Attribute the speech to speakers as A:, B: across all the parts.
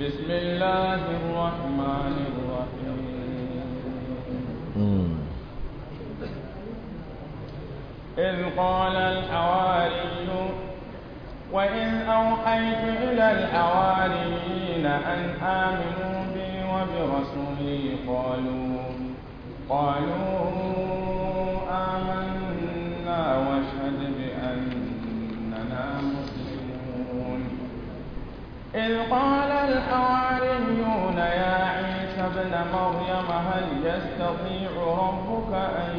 A: بسم الله الرحمن الرحيم إذ قال الحواري وإذ أوحيت إلى الحواريين أن آمنوا بي وبرسولي قالوا قالوا إذ قال الحواريون يا عيسى ابن مريم هل يستطيع ربك أن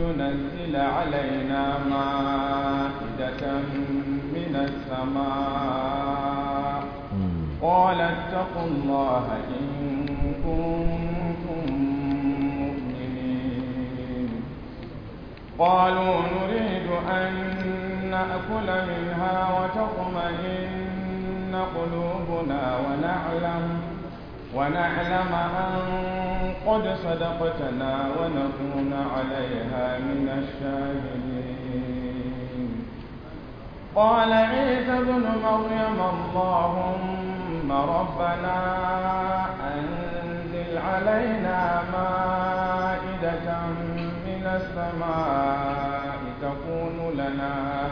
A: ينزل علينا مائدة من السماء قال اتقوا الله إن كنتم مؤمنين قالوا نريد أن نأكل منها وتطمئن قلوبنا ونعلم ونعلم أن قد صدقتنا ونكون عليها من الشاهدين قال عيسى ابن مريم اللهم ربنا أنزل علينا مائدة من السماء تكون لنا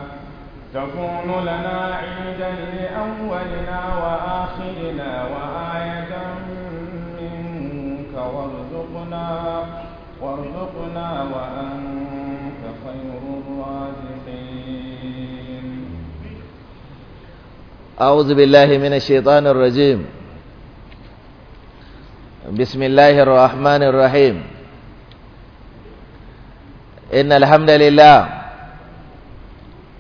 A: تكون لنا عيدا لأولنا وآخرنا وآية منك وارزقنا وارزقنا وأنت خير الرازقين
B: أعوذ بالله من الشيطان الرجيم بسم الله الرحمن الرحيم إن الحمد لله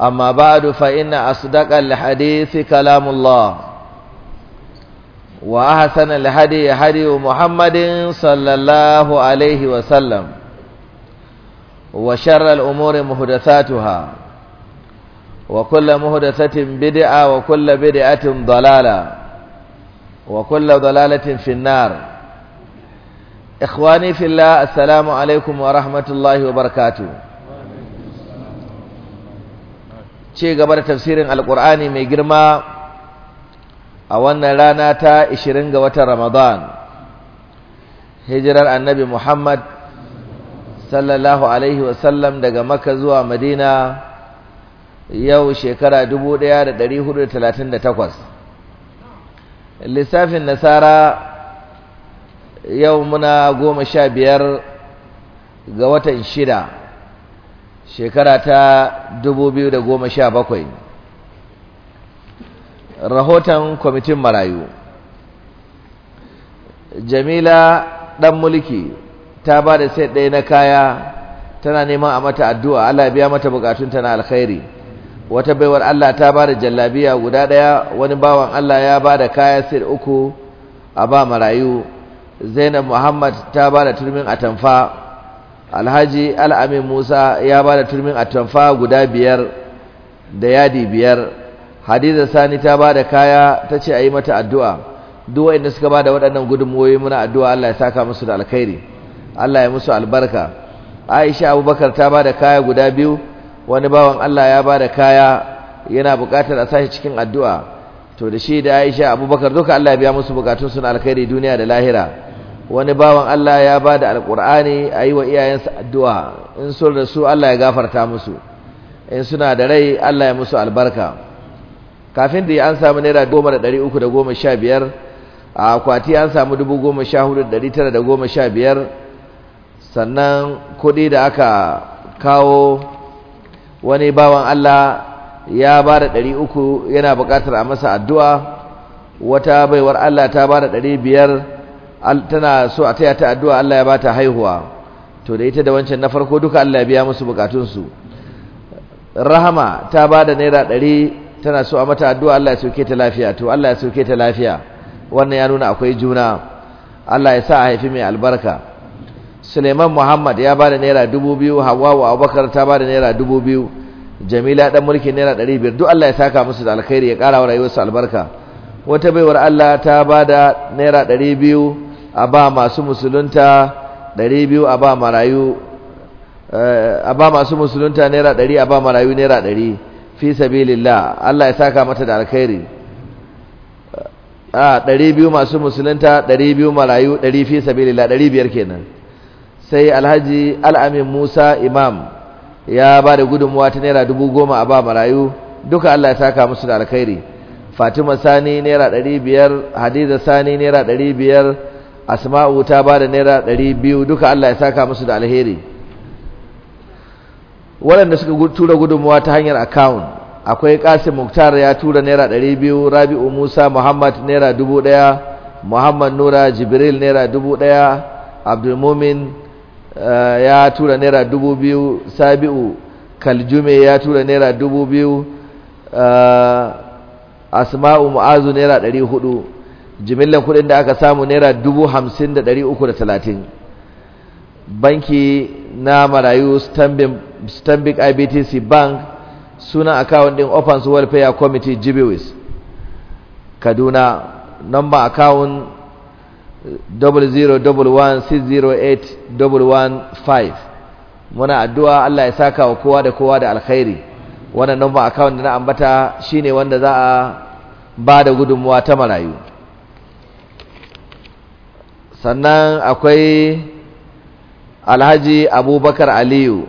B: أما بعد فإن أصدق الحديث كلام الله وأحسن الهدي هدي محمد صلى الله عليه وسلم وشر الأمور محدثاتها وكل محدثة بدعة وكل بدعة ضلالة وكل ضلالة في النار إخواني في الله السلام عليكم ورحمة الله وبركاته ce gaba da tafsirin alkur'ani mai girma a wannan rana ta 20 ga watan ramadan hijirar annabi muhammad sallallahu alaihi wasallam daga maka zuwa madina yau shekara 1438 lissafin nasara yau muna goma sha biyar ga watan shida shekara ta 2017 rahoton kwamitin marayu jamila ɗan mulki ta ba da sai ɗaya na kaya tana neman a mata addu'a Allah biya mata bukatunta na alkhairi wata baiwar Allah ta ba da jallabiya guda ɗaya wani bawan Allah ya ba da kaya sai uku a ba marayu zainab muhammad ta ba da turmin atamfa alhaji al'amin musa ya ba da turmin atamfa guda biyar da yadi biyar hadiza sani ta ba da kaya ta ce a yi mata addu'a duwa inda suka ba da waɗannan gudunmuwoyi muna addu'a allah ya saka musu da alkhairi allah ya musu albarka aisha abubakar ta ba da kaya guda biyu wani bawan allah ya ba da kaya yana buƙatar a sashi cikin addu'a to da shi da aisha abubakar duka allah ya biya musu buƙatunsu na alkhairi duniya da lahira wani bawan Allah ya ba da alƙur'ani a yi wa iyayensa addu'a in sun rasu Allah ya gafarta musu in suna da rai Allah ya musu albarka kafin da an samu naira goma da ɗari uku da goma sha biyar a akwati an samu dubu goma sha hudu da ɗari tara da goma sha biyar sannan kuɗi da aka kawo wani bawan Allah ya ba da ɗari uku yana buƙatar a masa addu'a wata baiwar Allah ta ba da ɗari biyar tana so a taya ta addu'a Allah ya bata haihuwa to da ita da wancan na farko duka Allah ya biya musu bukatunsu rahama ta bada naira ɗari tana so a mata addu'a Allah ya soke ta lafiya to Allah ya soke ta lafiya wannan ya nuna akwai juna Allah ya sa a haifi mai albarka Suleiman Muhammad ya bada naira dubu biyu wa Abubakar ta bada naira dubu biyu Jamila dan mulki naira ɗari biyar duk Allah ya saka musu da alkhairi ya ƙara wa rayuwarsu albarka wata baiwar Allah ta bada naira ɗari biyu a ba masu musulunta ɗari biyu a ba marayu eh, a ba masu musulunta naira ɗari a ba marayu naira ɗari fi sabilillah Allah ya saka mata da alkhairi a ah, ɗari biyu masu musulunta ɗari biyu marayu ɗari fi sabilillah ɗari biyar kenan sai alhaji al'amin musa imam ya ba da gudunmuwa ta naira dubu goma a ba marayu duka Allah ya saka musu da alkhairi fatima sani naira ɗari biyar hadiza sani naira ɗari biyar asma'u ta ba da naira ɗari biyu duka Allah ya saka musu da alheri waɗanda suka tura gudunmuwa ta hanyar akawun akwai ƙasir muktar ya tura naira ɗari biyu rabi'u musa muhammad naira dubu ɗaya muhammad nura jibril naira dubu ɗaya abdulmumin eh, ya tura naira dubu biyu sabi'u kaljume ya tura naira dubu biyu eh, asma'u mu'azu naira ɗari hudu jimillan kudin da aka samu naira dubu hamsin da ɗari uku da talatin banki na marayu stanbic ibtc bank suna akawun ɗin offense welfare committee jibiwis kaduna number akawun 00116081115 eh, muna addu'a Allah ya saka wa kowa da kowa da alkhairi wannan number akawun da na ambata shine wanda za a ba da gudunmuwa ta marayu sannan akwai alhaji abubakar aliyu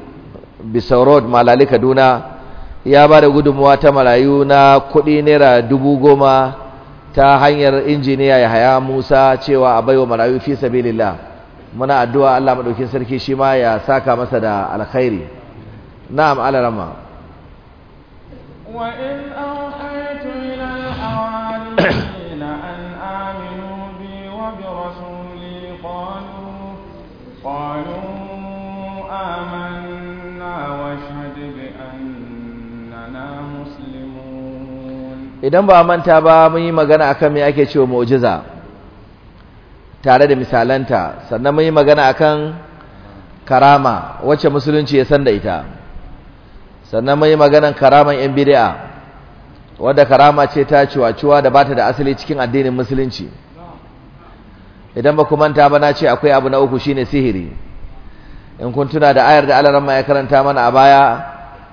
B: bisaurod malali kaduna ya ba da gudunmuwa ta marayu na kudi naira dubu goma ta hanyar injiniya ya haya musa cewa a baiwa marayu fi sabilillah muna addu'a allah maɗaukin sarki shi ma ya saka masa da alkhairi na'am alarama
A: وإن أوحيت إلى
B: idan ba manta ba mun yi magana akan me ake cewa mu'jiza tare da misalanta sannan mun yi magana akan karama wacce musulunci ya san da ita sannan mun yi maganan karaman yan bid'a wanda karama ce ta ciwa-ciwa da bata da asali cikin addinin musulunci idan ba ku manta ba na ce akwai abu na uku shine sihiri in kun tuna da ayar da Allah ya karanta mana a baya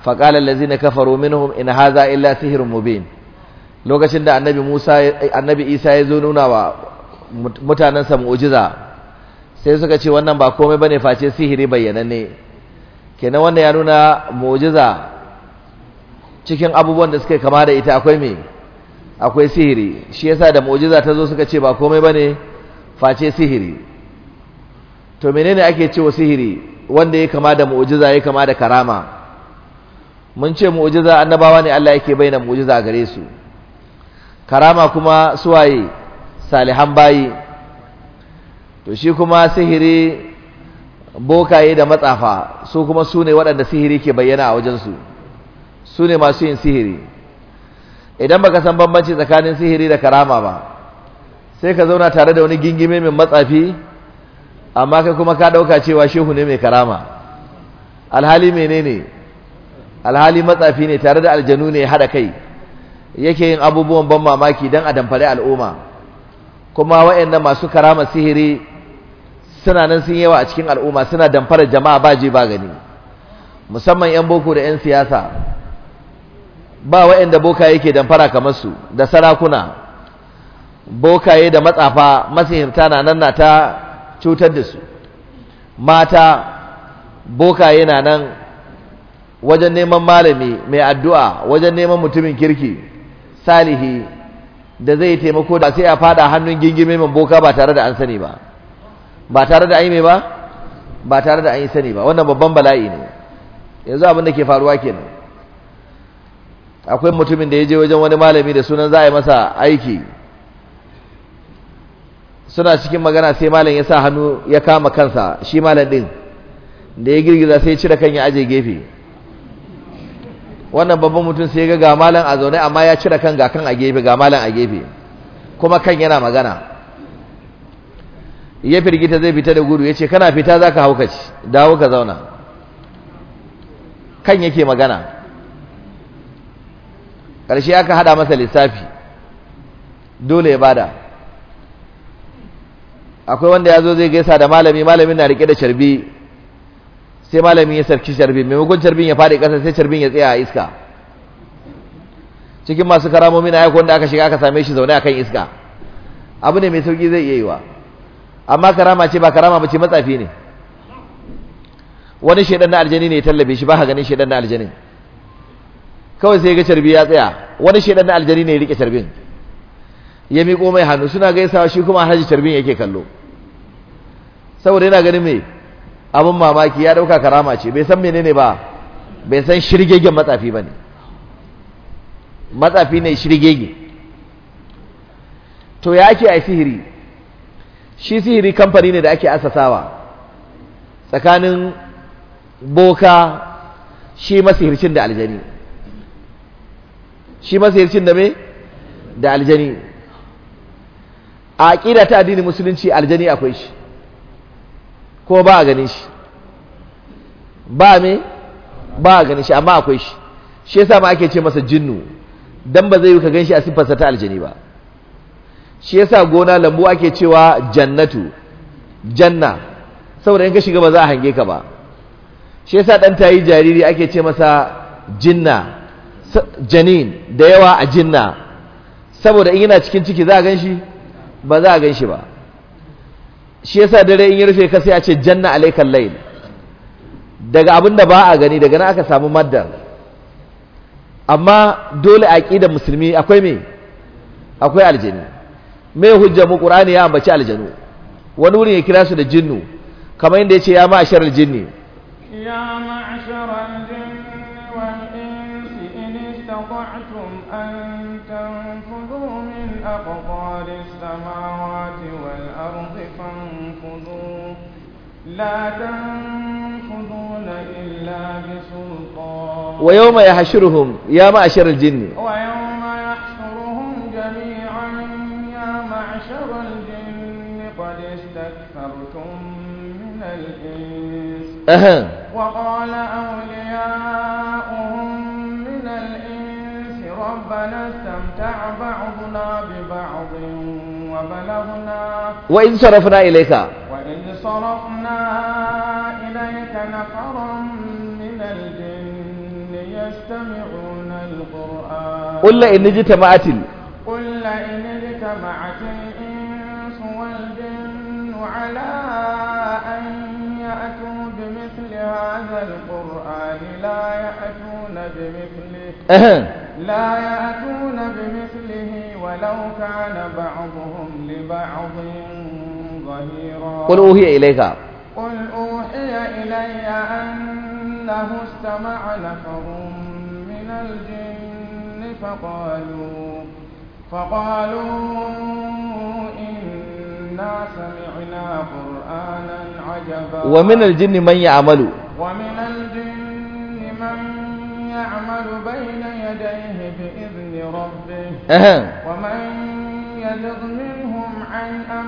B: faqala allazina kafaru minhum in haza illa sihrun mubin lokacin da annabi Musa eh, annabi Isa ya zo nuna wa mutanensa mu'jiza sai suka ce wannan ba komai bane face sihiri bayyananne kenan wannan ya nuna mu'jiza cikin abubuwan da suka kama da ita akwai me akwai sihiri shi yasa da mu'jiza ta zo suka ce ba komai bane face sihiri to menene ake cewa sihiri wanda ya kama da mu'jiza ya kama da karama mun ce mu'jiza annabawa ne Allah yake bayyana mu'jiza gare su karama kuma suwaye salihan bayi to shi kuma sihiri bokaye da matsafa su kuma su ne waɗanda sihiri ke bayyana a wajensu su ne masu yin sihiri idan baka san bambanci tsakanin sihiri da karama ba sai ka zauna tare da wani gingime mai matsafi amma kai kuma ka ɗauka cewa shehu ne mai karama alhali menene alhali matsafi ne tare da aljanu ne haɗa kai yake yin abubuwan ban mamaki don a damfari al'umma kuma waɗanda masu karama sihiri suna nan sun yawa a cikin al'umma suna damfara jama'a ba ji ba gani musamman 'yan boko da 'yan siyasa ba waɗanda boka yake damfara kamar su da sarakuna bokaye da matsafa masihirta na nan na ta cutar da su mata bokaye na nan wajen neman malami mai addu'a wajen neman mutumin kirki salihi da zai taimako da sai a fada hannun gingime mai boka ba tare da an sani ba ba tare da an yi mai ba ba tare da an yi sani ba wannan babban bala'i ne yanzu abin da ke faruwa kenan akwai mutumin da ya je wajen wani malami da sunan za a yi masa aiki suna cikin magana sai malam ya sa hannu ya kama kansa shi malam din da ya girgiza sai ya cire kan ya aje gefe wannan babban mutum sai ga ga malam a zaune amma ya cire kan ga kan a gefe ga malam a gefe kuma kan yana magana ya firgita zai fita da gudu ya ce kana fita za ka ci dawo ka zauna kan yake magana ƙarshe aka haɗa masa lissafi dole ya bada akwai wanda ya zo zai gaisa da malami malamin na rike da sharbi sai malamin ya sarki sharbin maimakon sharbin ya faɗi ƙasa sai sharbin ya tsaya a iska cikin masu karamomi na aiko wanda aka shiga aka same shi zaune akan iska abu ne mai sauki zai iya yi wa amma karama ce ba karama ba ce matsafi ne wani shaidan na aljani ne ya tallabe shi ba ka ganin shaidan na aljanin kawai sai ga carbi ya tsaya wani shaidan na aljani ne ya rike carbin ya miƙo mai hannu suna gaisawa shi kuma alhaji carbin yake kallo saboda yana ganin mai abin mamaki ya dauka karama ce bai san menene ba bai san shirgegen matsafi ba ne matsafi ne shirgege to ya ake ai sihiri shi sihiri kamfani ne da ake asasawa tsakanin boka shi masihircin da aljani shi masihircin da me da aljani a aƙida ta musulunci aljani akwai shi ko ba a ganin shi ba me ba a ganin shi amma akwai shi shi yasa ma ake ce masa jinnu dan ba zai yi ka ganshi a siffarsa ta aljini ba shi yasa gona lambu ake cewa jannatu janna saboda in ka shiga ba za a hange ka ba shi yasa dan tayi jariri ake ce masa jinna janin da yawa a jinna saboda in yana cikin ciki za a ganshi ba za a ganshi ba shi yasa dare in ya rufe ka sai a ce janna alaikal layl daga abin da ba a gani daga nan aka samu maddar amma dole a ƙi da musulmi akwai me akwai aljanu me hujja mu qur'ani ya ambaci aljanu wani wurin ya kira su da jinnu kamar yadda ya ce ya ma'ashar aljinni
A: wal insi in
B: ويوم يحشرهم يا معشر الجن
A: ويوم يحشرهم جميعا يا معشر الجن قد استكثرتم من الإنس أه. وقال أولياؤهم من الإنس ربنا استمتع بعضنا ببعض وبلغنا
B: وإن صرفنا إليك
A: صرفنا إليك نفرا من الجن يستمعون القرآن قل إن اجتمعت قل إن اجتمعت الإنس والجن على أن يأتوا بمثل هذا القرآن لا يأتون بمثله لا يأتون بمثله ولو كان بعضهم لبعض ظهيرا قل أوحي إليك قل أوحي إلي أنه استمع نفر من الجن فقالوا فقالوا إنا سمعنا قرآنا عجبا ومن
B: الجن من يعمل
A: ومن الجن من يعمل بين يديه بإذن ربه ومن يلغ منه عن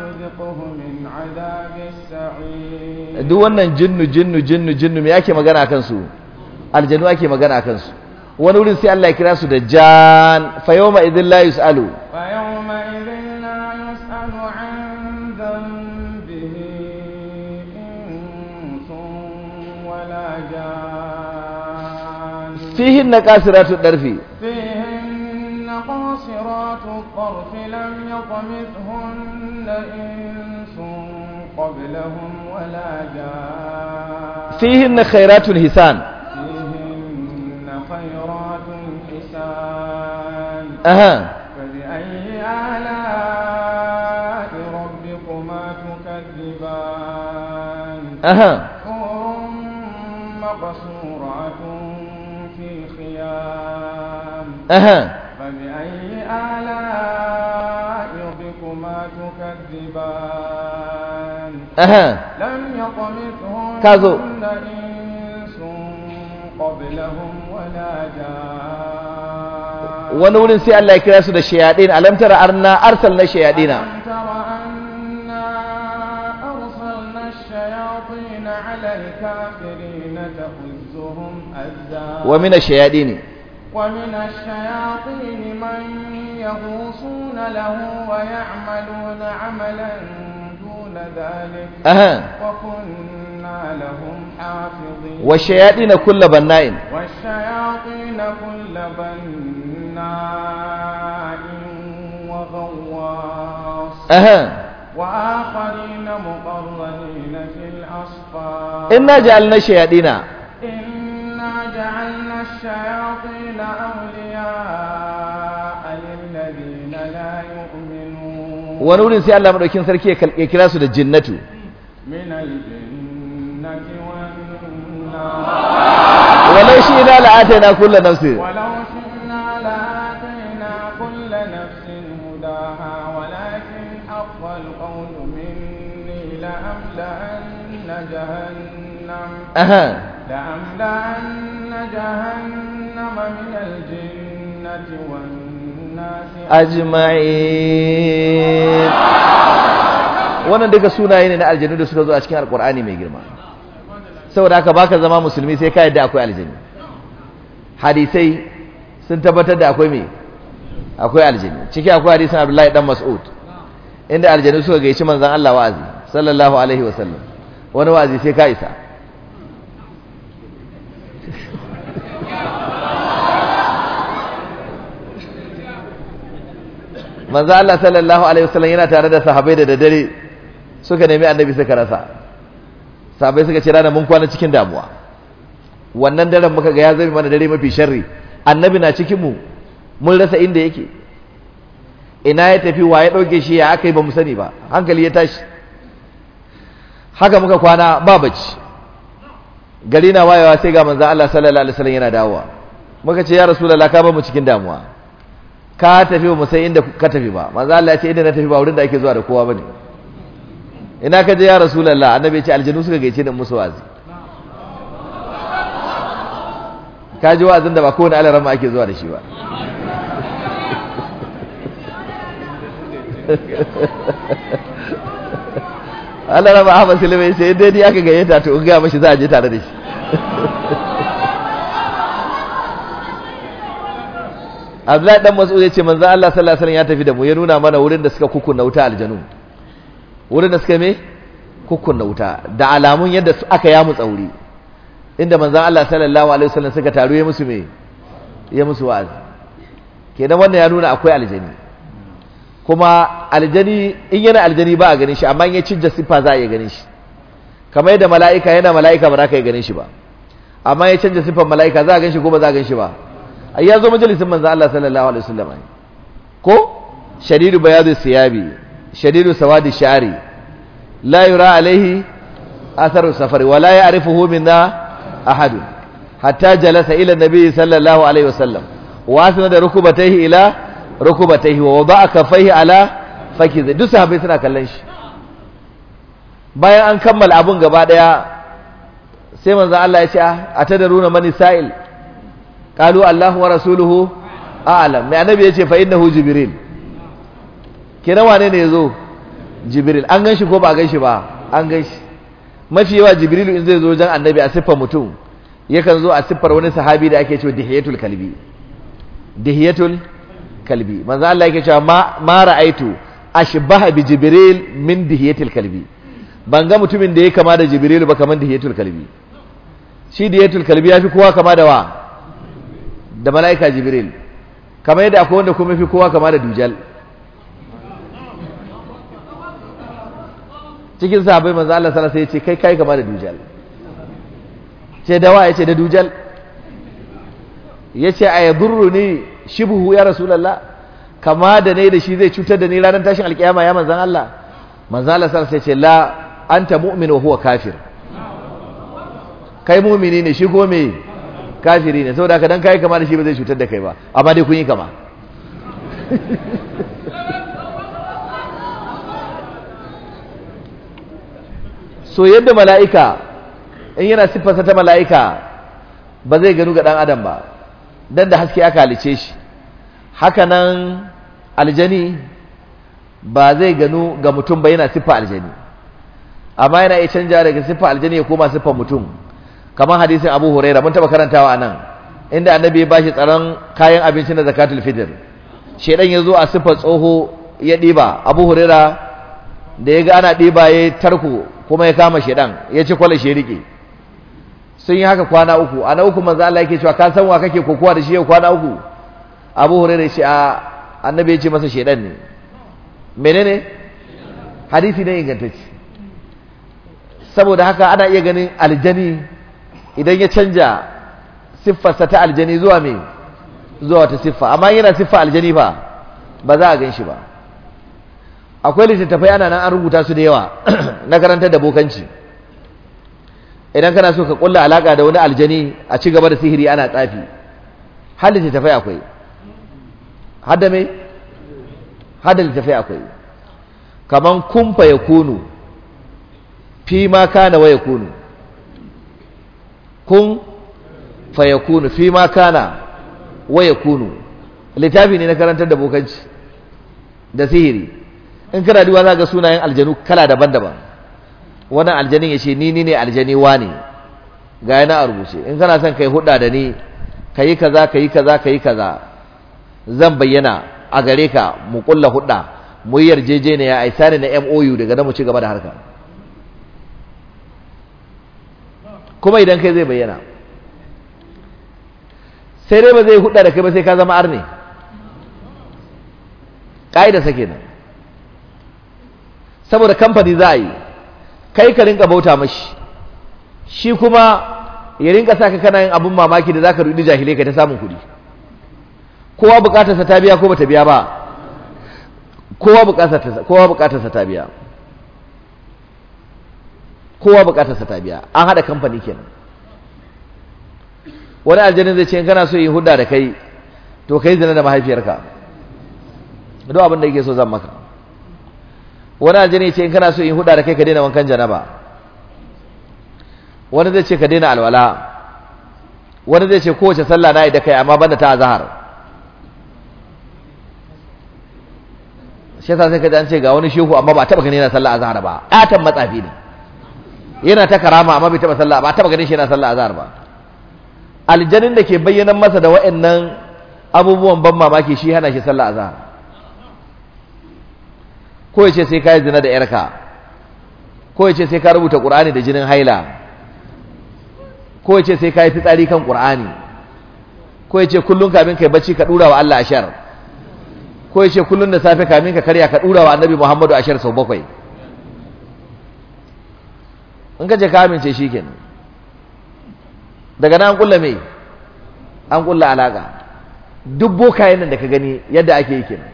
A: نذقه من عذاب السعير
B: دو wannan jinnu jinnu jinnu jinnu me yake magana akan su aljanu ake magana akan su wani wurin sai Allah ya kira su da jan fa yawma idhil la yusalu
A: fa yawma idhil la yusalu an dhanbihi insun wala jan fihi nakasiratu darfi fihi ذات الطرف لم يطمثهن إنس قبلهم ولا جان
B: فيهن خيرات الهسان
A: فيهن خيرات الحسان أها فبأي آلاء ربكما تكذبان أها مقصورات في الخيام أها آلائكما تكذبان لم يطمثهن كذو إنس قبلهم ولا جان
B: wani wurin sai Allah ya kira su da shayadin alam tara arna arsalna shayadina shayadin
A: يغوصون له ويعملون عملا دون ذلك أها وكنا لهم حافظين والشياطين كل بناء والشياطين كل بناء وغواص أها وآخرين مقرنين في الأصفار إنا جعلنا الشياطين إنا جعلنا الشياطين أولياء wani wurin sai
B: Allah madaukin sarki ya kira su da jinnatu
A: walau shi na la'ata na kulla nafsi لأملأن جهنم من الجنة والناس
B: ajma'in wannan duka sunaye ne na aljanu da suka zo a cikin alkur'ani mai girma saboda haka baka zama musulmi sai ka yadda akwai aljanu hadisai sun tabbatar da akwai me akwai aljanu ciki akwai hadisin Abdullahi dan Mas'ud inda aljanu suka gaishi manzon Allah wa'azi sallallahu alaihi wasallam wani wa'azi sai ka isa manzo Allah sallallahu alaihi wasallam yana tare da sahabbai da daddare suka nemi annabi suka rasa sahabbai suka ce rana mun kwana cikin damuwa wannan daren muka ga ya zama mana dare mafi sharri annabi na cikin mu mun rasa inda yake ina ya tafi wa ya dauke shi ya aka yi ba mu sani ba hankali ya tashi haka muka kwana ba bacci gari na wayewa sai ga manzo Allah sallallahu alaihi wasallam yana dawowa muka ce ya rasulullah ka ba mu cikin damuwa ka tafi ba mu san inda ka tafi ba manzo Allah ya ce inda na tafi ba wurin da ake zuwa da kowa bane ina ka je ya rasulullah annabi ya ce aljanu suka gaice da musu wazi ka ji wazin da ba kowane ma ake zuwa da shi ba alarama ahmad sulaiman sai dai ni aka gayyata to in ga mashi za a je tare da shi Abdullahi dan Mas'ud ya ce Allah sallallahu alaihi wasallam ya tafi da mu ya nuna mana wurin da suka kukunna wuta aljanu wurin da suka me kukunna wuta da alamun yadda su aka yamu tsauri inda manzo Allah sallallahu alaihi wasallam suka taru ya musu me ya musu wa'azi kenan wannan ya nuna akwai aljani kuma aljani in yana aljani ba a ganin shi amma in ya cijja siffa za a iya ganin shi kamar yadda mala'ika yana mala'ika ba za ka iya ganin shi ba amma ya canja siffar mala'ika za a ganin shi ko ba za a ganin shi ba ai ya zo majalisin manzo Allah sallallahu alaihi wasallam ko shadidu bayadu siyabi shadidu sawadi sha'ri la yura alaihi atharu safari wala ya'rifuhu minna ahad hatta jalasa ila nabi sallallahu alaihi wasallam wa asnada rukubatayhi ila rukubatayhi wa wada'a kafayhi ala fakiz duk sahabbai suna kallon shi bayan an kammala abun gaba daya sai manzo Allah ya ce a ah, tadaruna mani sa'il Kalu Allahu wa rasuluhu a'lam mai annabi yace fa innahu jibril kira wane ne yazo jibril an ganshi ko ba gan shi ba an ganshi mafi yawa jibril in zai zo jan annabi a siffar mutum yakan zo a siffar wani sahabi da ake cewa dihiyatul kalbi dihiyatul kalbi manzo Allah yake cewa ma, ma ra'aitu ashbaha bi jibril min dihiyatil kalbi ban ga mutumin da ya kama da jibril ba kaman dihiyatul kalbi shi dihiyatul kalbi yafi kowa kama da wa da mala'ika jibril kama yadda akwai wanda kuma fi kowa kama da dujal cikin sahabai manzo Allah sallallahu alaihi wasallam sai ya ce kai kai kama da dujal ce da wa ya ce da dujal ya ce a yadurru ni shibhu ya rasulullah kama da ne da shi zai cutar da ni ranar tashin alkiyama ya manzan Allah manzan Allah sallallahu alaihi wasallam sai ce la anta mu'min wa huwa kafir kai mu'mini ne shi ko me kafiri ne saboda haka dan kai kama da shi ba zai cutar da kai ba amma dai kun yi kama so yadda mala'ika in yana siffarsa ta mala'ika ba zai ganu ga dan adam ba dan da haske aka halice shi Haka nan aljani ba zai ganu ga mutum ba yana siffa aljani amma yana iya canja daga siffa aljani ya koma siffar mutum kamar hadisin Abu Huraira mun taba karantawa anan inda annabi ya bashi tsaron kayan abinci na zakatul fitr shedan ya zo a sifa tsoho ya diba Abu Huraira da yaga ana diba ya tarko kuma ya kama shedan ya ci kwala shi rike sun yi haka kwana uku ana uku manzo Allah yake cewa ka san wa kake kokowa da shi yau kwana uku Abu Huraira shi a annabi ya ce masa shedan ne menene hadisi ne ingantacce saboda haka ana iya ganin aljani idan ya canja siffarsa ta aljani zuwa me zuwa ta siffa amma yana siffa aljani fa ba za a gan shi ba akwai littattafai ana nan an rubuta su da yawa na karantar da bokanci idan kana so ka kulla alaka da wani aljani a ci gaba da sihiri ana tsafi har littattafai akwai har da me har da littattafai akwai kaman kumfa ya kunu fi ma kana wa ya kunu kun fayakunu fi ma kana waya Kunu. littafi ne na karantar da bokanci da sihiri in kana duwa za ga sunayen aljanu kala daban-daban wannan aljanin ya ce ni ni ne aljani ne ga yana a rubuce in kana son kai hudda da ni kayi kaza kayi kaza kayi kaza zan bayyana a gare ka mu kulla hudda mu yi yarjejeniya a ne na MOU daga nan mu ci gaba da harka kuma idan kai zai bayyana sai dai ba zai hudda da kai ba sai ka zama arne ƙa'ida sa kenan saboda kamfani za a yi kai ka rinka bauta mashi shi kuma ya rinka sa ka kana yin abin mamaki da za ka rudi jahilai ka ta samun kuɗi kowa bukatarsa ta biya ko ba ta biya ba kowa bukatarsa ta biya kowa bukatarsa ta biya an haɗa kamfani kenan wani aljani zai ce in kana so yi hudda da kai to kai zina da mahaifiyarka duk abin da yake so zan maka wani aljani ce in kana so in hudda da kai ka daina wankan janaba wani zai ce ka daina alwala wani zai ce kowace sallah na yi da kai amma banda ta azhar shi yasa sai ka ji an ce ga wani shehu amma ba a taba ka daina sallah azhar ba atan matsafi ne yana ta karama amma bai taba sallah ba taba ganin shi yana sallah azhar ba aljannin da ke bayyana masa da wa'annan abubuwan ban mamaki shi hana shi sallah azhar ko yace sai kai zina da yarka ko yace sai ka rubuta qur'ani da jinin haila ko yace sai kai fitsari kan qur'ani ko yace kullun kamin kai bacci ka dura wa Allah ashar ko yace kullun da safe kamin ka karya ka dura wa annabi Muhammadu ashar sau bakwai in ka je ka amince shi kenan daga nan an kulla an kulla alaka duk bokayen nan da ka gani yadda ake yi kenan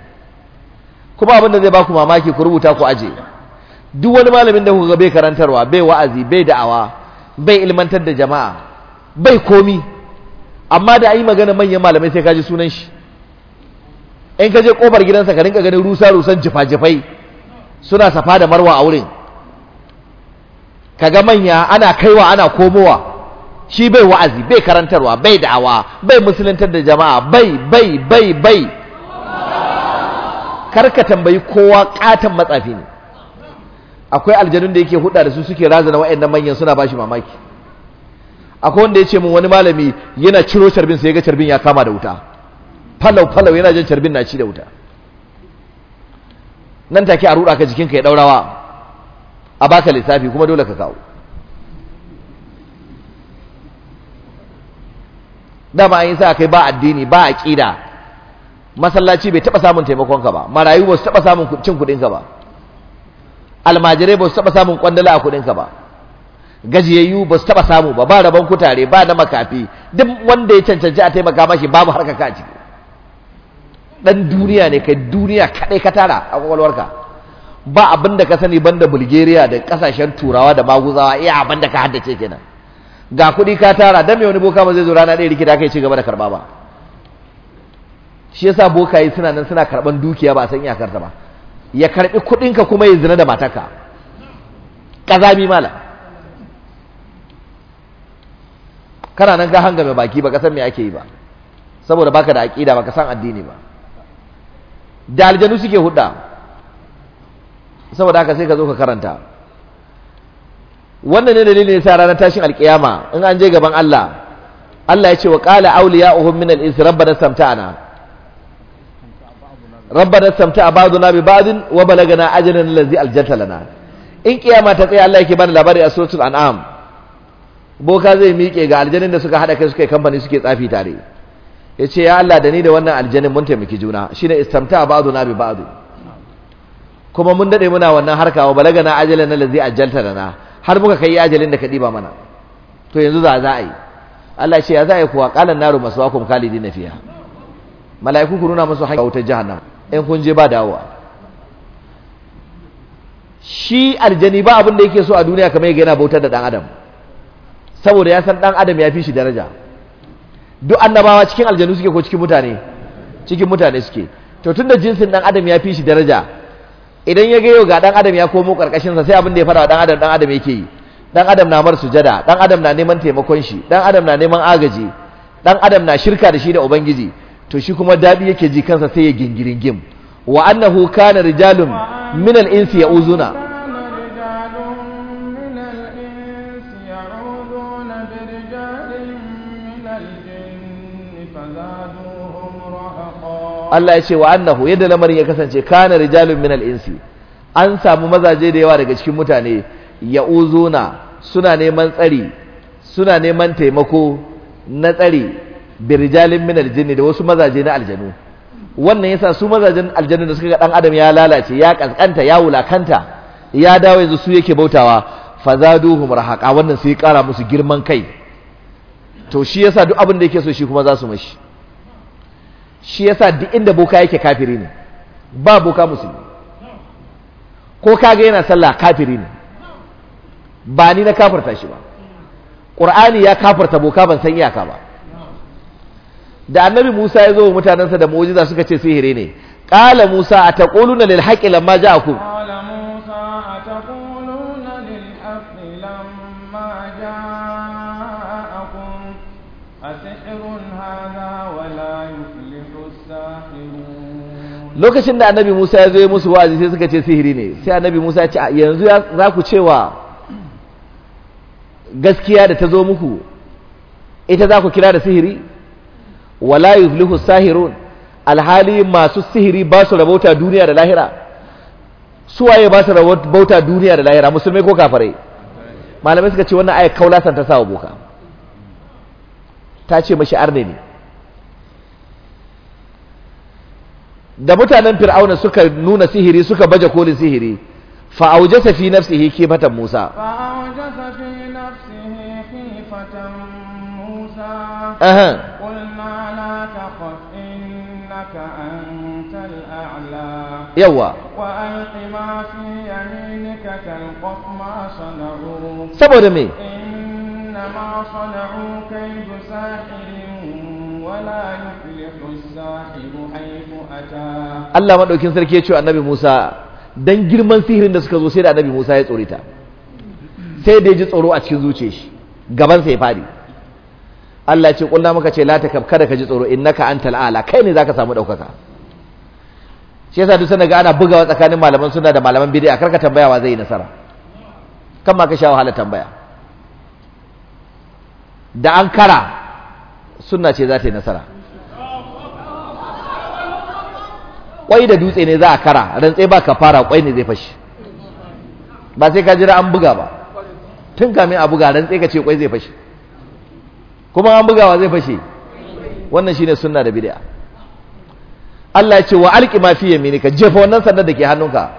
B: kuma abin da zai baku mamaki ku rubuta ku aje duk wani malamin da kuka bai karantarwa bai wa'azi bai da'awa bai ilmantar da jama'a bai komi amma da ayi magana manyan malamai sai ka ji sunan shi in ka je kofar gidansa ka rinka ganin rusa rusan jifa-jifai suna safa da marwa a wurin kaga manya ana kaiwa ana komowa shi bai wa'azi bai karantarwa bai da'awa bai musuluntar da jama'a bai bai bai bai karka tambayi kowa katon matsafi ne akwai aljanun da yake huda da su suke razana wa'annan manyan suna bashi mamaki akwai wanda ya ce min wani malami yana ciro carbin sai ya ga carbin ya kama da wuta falau falau yana jan carbin na ci da wuta nan take a ruɗa ka jikinka ya daurawa a baka lissafi kuma dole ka kawo dama an sa kai ba addini ba aqida masallaci bai taba samun taimakon ka ba marayu ba su taba samun cin kudin ka ba almajirai ba su taba samun kwandala a kudin ka ba gajiyayyu ba su taba samu ba ba rabon kutare ba da makafi duk wanda ya cancanci a taimaka mashi babu harkaka a ciki dan duniya ne kai duniya kadai ka tara a kwakwalwarka ba abin da ka sani banda Bulgaria da kasashen turawa da maguzawa iya abin da ka haddace kenan ga kuɗi ka tara dan me wani boka ba zai zo rana ɗaya rikida kai ci gaba da karba ba shi yasa bokaye suna nan suna karban dukiya ba san iyakarta ba ya karbi kuɗin ka kuma ya zina da matarka kazami mala kana nan ga hanga mai baki ka san me ake yi ba saboda baka da aqida ka san addini ba da aljanu suke huɗa. saboda haka sai ka zo ka karanta wannan ne dalilin yasa ranar tashin alkiyama in an je gaban Allah Allah ya ce wa qala awliya'uhum min al-ins rabbana samta'ana rabbana samta'a ba'duna bi ba'din wa balagana ajalan allazi aljatalana lana in kiyama ta tsaya Allah yake bani labari a suratul an'am boka zai miƙe ga aljanin da suka hada kai suka kamfani suke tsafi tare yace ya Allah da ni da wannan aljanin mun taimaki juna shine istamta ba'duna bi ba'din kuma mun dade muna wannan harka wa balagana ajalana allazi ajalta lana har muka kai ajalin da ka diba mana to yanzu za za a yi Allah ce ya za a yi kuwa qalan naru maswaakum khalidina fiha mala'iku ku nuna musu hanyar wutar jahannam in kun je ba dawowa shi aljani ba abin da yake so a duniya kamar yana bautar da dan adam saboda ya san dan adam ya fi shi daraja duk annabawa cikin aljanu suke ko cikin mutane cikin mutane suke to tunda jinsin dan adam ya fi shi daraja idan ya ga yau ga dan adam ya komo karkashin sa sai abin da ya fara dan adam dan adam yake yi Ɗan adam na mar sujada dan adam na neman taimakon shi dan adam na neman agaji dan adam na shirka da shi da ubangiji to shi kuma dadi yake ji kansa sai ya gingirin gim wa annahu kana rijalun minal insi ya'uzuna Allah ya ce wa annahu yadda lamarin ya kasance kana rijalun min al-insi an samu mazaje da yawa daga cikin mutane ya'uzuna suna neman tsari suna neman taimako na tsari bi rijalun min al-jinni da wasu mazaje na aljanu wannan yasa su mazajen aljanu da suka ga dan adam ya lalace ya kaskanta ya wulakanta ya dawo yanzu su yake bautawa fazaduhum rahaqa wannan sai ya kara musu girman kai to shi yasa duk abin da yake so shi kuma za su mashi shi yasa duk inda boka yake kafiri ne ba boka musulmi ko kaga yana sallah kafiri ne ba ni na kafarta shi ba ƙur'ani ya kafarta boka ban san iyaka ba da annabi Musa ya zo wa mutanensa da mu'jiza suka ce sihiri ne qala Musa ataquluna lil haqqi lamma a qala lokacin da annabi Musa ya zo musu wa'azi sai suka ce sihiri ne sai annabi Musa ya ce yanzu za ku cewa gaskiya da ta zo muku ita za ku kira da sihiri wala yuflihu sahirun alhali masu sihiri ba su rabauta duniya da lahira su waye ba su rabauta duniya da lahira musulmai ko kafarai malamai suka ce wannan ayat kaulasan ta sawa boka ta ce mashi arne ne da mutanen fir'auna suka nuna sihiri suka baje kolin sihiri fa aujasa fi nafsihi kifatan Musa
A: fa aujasa fi nafsihi kifatan Musa aha qulna la taqaf innaka antal a'la yawa wa alqi ma fi yaminika talqaf ma sana'u saboda me inna ma sana'u kaydu sahirin
B: Allah maɗaukin Sarki ya ce الله nabi Musa don girman sihirin da suka zo sai da annabi Musa ya tsorita sai da ya ji tsoro a cikin zuce shi gaban ya fadi Allah ce ƙulla maka ce la kada ka ji tsoro in naka an ala kai ne za ka samu ɗaukaka. shi yasa duk sanda ga ana bugawa tsakanin malaman suna da malaman bid'a karka tambaya wa zai yi nasara kan ma ka sha wahala tambaya da an kara sunna ce za ta yi nasara kwai da dutse ne za a kara rantsai ba ka fara kwai ne zai fashi ba sai ka jira an buga ba tun kamin a buga rantsai ka ce kwai zai fashi kuma an bugawa zai fashe wannan shine sunna da bid'a Allah ya ce wa alqi ma fi yaminika jefa wannan sandar da ke hannunka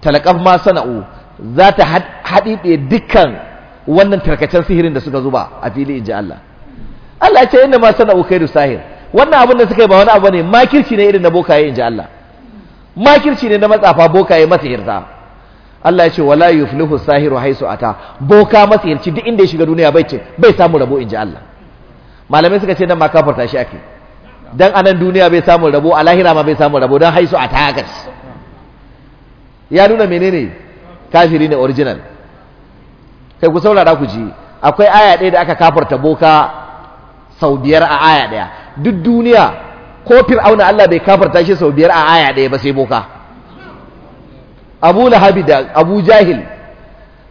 B: talaqaf ma sana'u za ta haɗiɗe dukkan wannan tarkacen sihirin da suka zuba a fili inji Allah Allah ce inda ma sana'u khairu sahir wannan abin da suka yi ba wani abu ne makirci ne irin na bokaye inji Allah makirci ne na matsafa bokaye masihirta Allah ya ce wala yuflihu sahiru haisu ata boka masihirci duk inda ya shiga duniya bai ce bai samu rabo inji Allah malamai suka ce nan ma kafarta shi ake dan anan duniya bai samu rabo a lahira ma bai samu rabo dan haisu ata haka ya nuna menene kafiri ne original kai ku saurara ku ji akwai aya ɗaya da aka kafarta boka sau biyar a aya ɗaya duk duniya ko fir'auna Allah bai kafarta shi sau biyar a aya ɗaya ba sai boka abu lahabi da abu jahil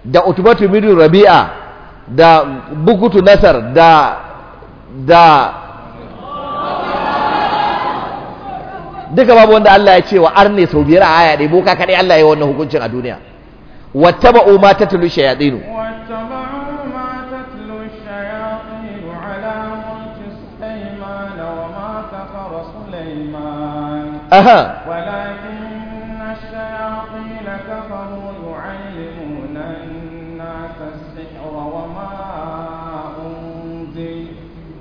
B: da utubatu mirin rabi'a da bukutu nasar da da duka babu wanda Allah ya ce wa arne sau biyar a aya ɗaya boka kaɗai Allah ya yi wannan hukuncin a duniya wattaba'u ma tatlu shayatinu أها
A: ولكن الشياطين كفروا يعلمون الناس السحر وما أنزل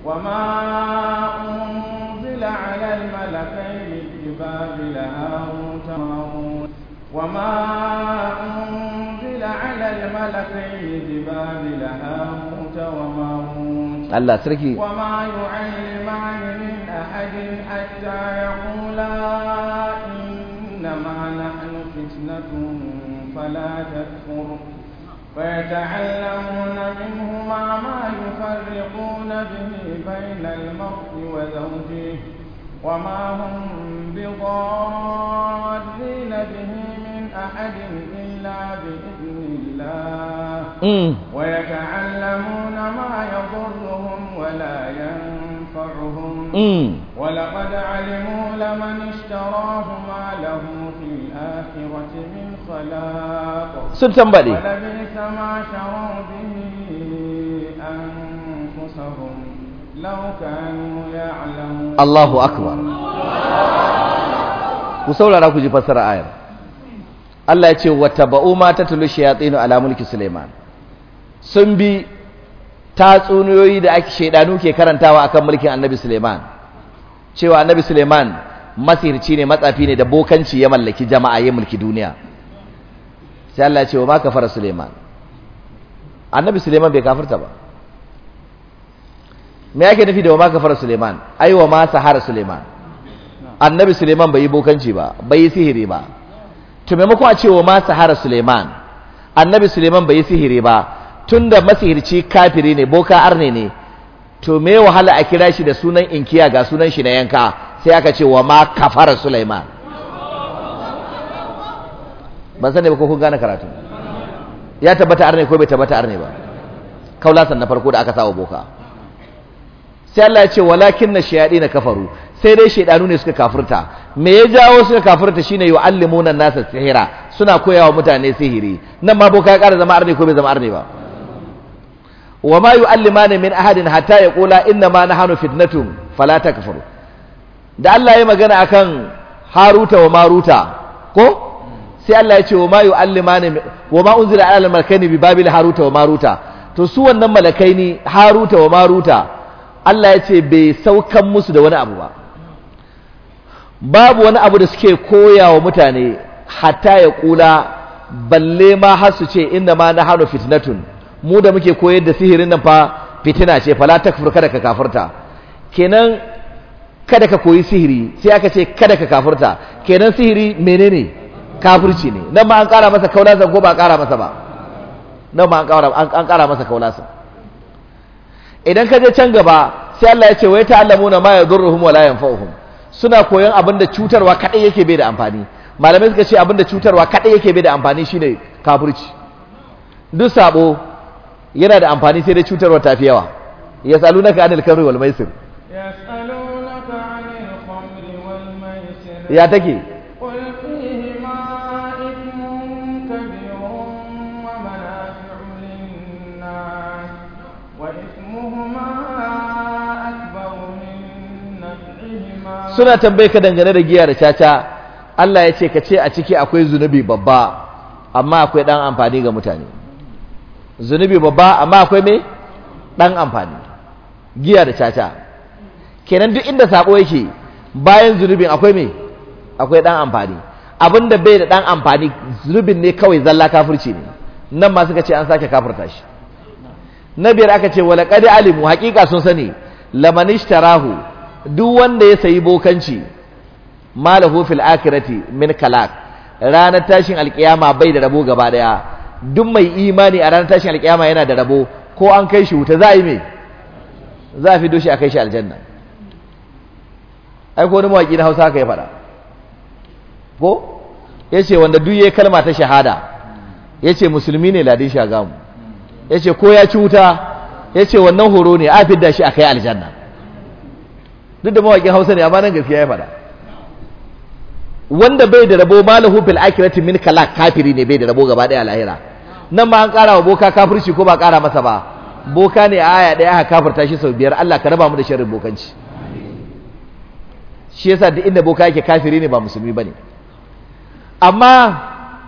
A: وما أنزل على الملكين ببابل هاروت وماروت وما أنزل على الملكين ببابل هاروت وماروت الله
B: تركي وما
A: يعلمان من أحد حتى يقولا إنما نحن فتنة فلا تكفر ويتعلمون منهما ما يفرقون به بين المرء وزوجه وما هم بضارين به من أحد إلا بإذن الله ويتعلمون ما يضرهم ولا ينفعهم ينفعهم ولقد علموا لمن اشتراه ما له في الآخرة من خلاق سلسنبالي ولبئس ما شروا به أنفسهم لو كانوا
B: يعلمون الله أكبر وسولا راكو جي فسر آية الله يقول وتبعوا ما تتلو الشياطين على ملك سليمان سنبي tatsuniyoyi da ake shaidanu ke karantawa akan mulkin annabi suleiman cewa annabi suleiman masirci ne matsafi ne da bokanci ya mallaki jama'a ya mulki duniya sai Allah ce wa ma fara suleiman annabi suleiman bai kafirta ba me ake nufi da wa ma fara suleiman ai wa ma sahara suleiman annabi suleiman bai yi bokanci ba bai yi sihiri ba to maimakon a ce wa ma sahara suleiman annabi suleiman bai yi sihiri ba tunda masihirci kafiri ne boka arne ne to me wahala a kira shi da sunan inkiya ga sunan shi na yanka sai aka ce wa ma kafara Sulaiman ban sani ba ko kun gane karatu ya tabbata arne ko bai tabbata arne ba kaulasan na farko da aka wa boka sai Allah ya ce walakin na shayadi na kafaru sai dai shaidanu ne suka kafirta me ya jawo suka kafirta shine allimuna nasa sihira suna koyawa mutane sihiri nan ma boka ya kara zama arne ko bai zama arne ba wa ma allimani min ahadin ya yaqula inna ma nahnu falata fala faru da Allah ya magana akan Haruta wa Maruta ko sai Allah ya ce wa ma allimani wa ma unzila ala al ne bi babil Haruta wa Maruta to su wannan malakai ne Haruta wa Maruta Allah ya ce bai saukan musu da wani abu ba babu wani abu da suke koya wa mutane hatta ya kula balle ma har su ce inna ma hannu fitnatun mu da muke koyar da sihirin nan fa fitina ce fala takfur kada ka kafurta kenan kada ka koyi sihiri sai aka ce kada ka kafurta kenan sihiri menene kafirci ne nan ma an kara masa kaulasa ko ba kara masa ba nan ma an kara an kara masa kaulasa idan ka je can gaba sai Allah ya ce wa ta'allamuna ma yadurruhum wa la yanfa'uhum suna koyon abin da cutarwa kadai yake bai da amfani malamai suka ce abin da cutarwa kadai yake bai da amfani shine kafirci duk sabo yana da amfani sai dai cutarwa ta fi yawa ya anil na wal maisir
A: wal maisir ya take suna
B: tambaye ka dangane da giya da caca Allah ya ce ka ce a ciki akwai zunubi babba amma akwai ɗan amfani ga mutane zunubi babba amma akwai mai ɗan amfani giya da caca kenan duk inda sako yake bayan zunubin akwai mai akwai ɗan amfani abinda bai da ɗan amfani zunubin ne kawai zalla kafirci ne nan masu suka ce an sake kafirta shi na biyar aka ce wala ƙadi alimu haƙiƙa sun sani lamanishtarahu duk wanda ya sayi bokanci malahu fil Akirati min kalak ranar tashin alkiyama bai da rabo gaba ɗaya. duk mai imani a ranar tashin alƙiyama yana da rabo ko an kai shi wuta za a yi mai za a fi shi a kai shi aljanna ai ko wani mawaƙi na hausa haka ya faɗa ko ya ce wanda duk ya kalma ta shahada ya ce musulmi ne ladin gamu ya ce ko ya ci wuta ya ce wannan horo ne a fidda shi a kai aljanna duk da mawaƙin hausa ne amma nan gaskiya ya faɗa wanda bai da rabo malahu fil akhirati min kala kafiri ne bai da rabo gaba daya lahira nan ba an kara wa boka kafirci ko ba kara masa ba boka ne a aya daya aka kafirta shi sau biyar Allah ka raba mu da sharrin bokanci shi yasa duk inda boka yake kafiri ne ba musulmi bane amma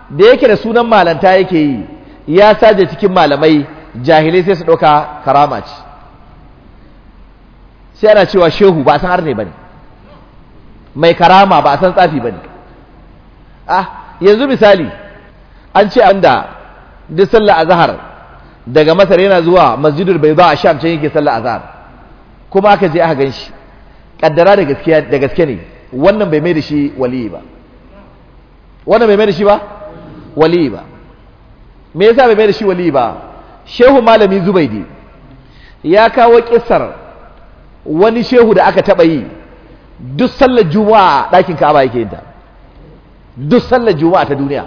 B: da yake da sunan malanta yake yi ya saje cikin malamai jahilai sai su dauka karama ce sai ana cewa shehu ba san arne bane mai karama ba a san tsafi bane ah yanzu misali an ce an da duk sallah azhar daga masar yana zuwa masjidul bayda a sham can yake sallah azhar kuma aka je aka ganshi kaddara da gaskiya da gaske ne wannan bai mai da shi waliyi ba wannan bai mai da shi ba waliyi ba me yasa bai mai da shi waliyi ba shehu malami zubaidi ya kawo kissar wani shehu da aka taba yi duk sallar juma'a ɗakin ka'aba yake yin ta duk sallar juma'a ta duniya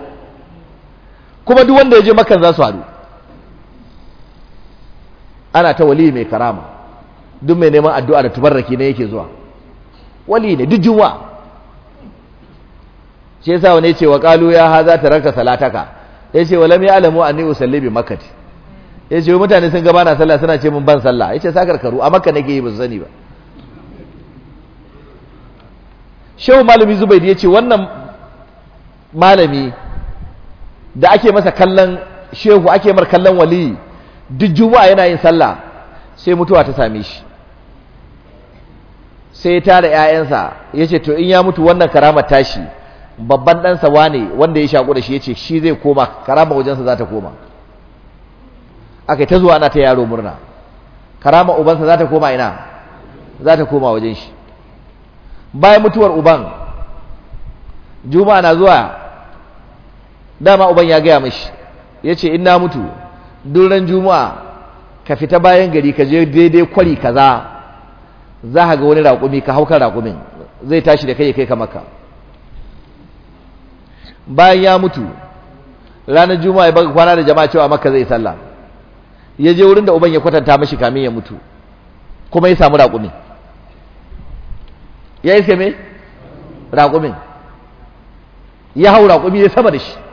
B: kuma duk wanda ya je makan za su haɗu ana ta wali mai karama duk mai neman addu'a da tubarraki ne yake zuwa wali ne duk juma'a shi yasa wani ce wa ƙalu ya ta raka salataka ya ce wa lamya alamu anni usalli bi ce wa mutane sun gaba na sallah suna ce mun ban sallah ce sakar karu a makka nake yi ba su sani ba shehu malami zubaidi ce wannan malami da ake masa kallon shehu ake mar kallon waliyi duk juma'a yana yin sallah sai mutuwa ta same shi sai ya tara ƴaƴansa yace to in ya mutu wannan karamar tashi babban ɗansa wane wanda ya shaku da shi yace shi zai koma karama wajensa za ta koma aka ta zuwa ana ta yaro murna karama ubansa za ta koma ina za ta koma wajen shi bayan mutuwar uban juma'a na zuwa dama uban ya gaya mashi ya ce in na mutu duran juma'a ka fita bayan gari ka je daidai kwari kaza za ka ga wani raƙumi ka haukar raƙumin zai tashi da kai kai ka maka bayan ya mutu ranar juma'a ya baka kwana da jama'a cewa maka zai sallah ya je wurin da uban ya kwatanta mashi kamin ya mutu kuma ya samu raƙumin ya iske me raƙumin ya hau raƙumi ya sama da shi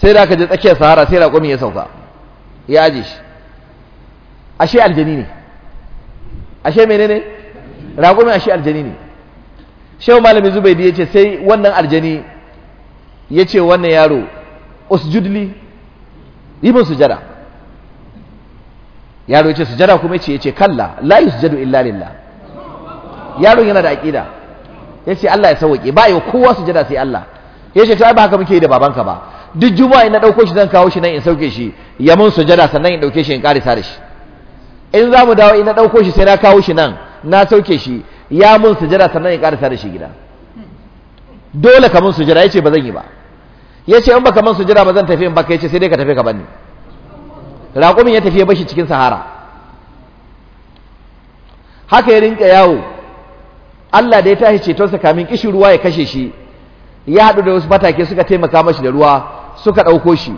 B: sai da aka je tsakiyar sahara sai raƙumi ya sauka ya aje shi ashe aljani ne ashe menene raƙumi ashe aljani ne shehu malami zubaidi ya ce sai wannan aljani ya ce wannan yaro usjudli yi min sujada yaro ya ce sujada kuma ya ce ya ce kalla la yusjadu illa lillah yaron yana da aƙida ya ce Allah ya sauwaƙe ba yi kowa sujada sai Allah ya ce to ai ba haka muke yi da babanka ba duk juma'a na dauko shi zan kawo shi nan in sauke shi ya mun sujada sannan in dauke shi in karisa da shi in za mu dawo in na dauko shi sai na kawo shi nan na sauke shi ya mun sujada sannan in karisa da shi gida dole ka mun sujada yace ba zan yi ba yace in baka mun sujada ba zan tafi in baka yace sai dai ka tafi ka bani raƙumin ya tafi ya bashi cikin sahara haka ya rinka yawo Allah da ya tashi sa kamin kishin ruwa ya kashe shi ya haɗu da wasu matake suka taimaka mashi da ruwa suka ɗauko shi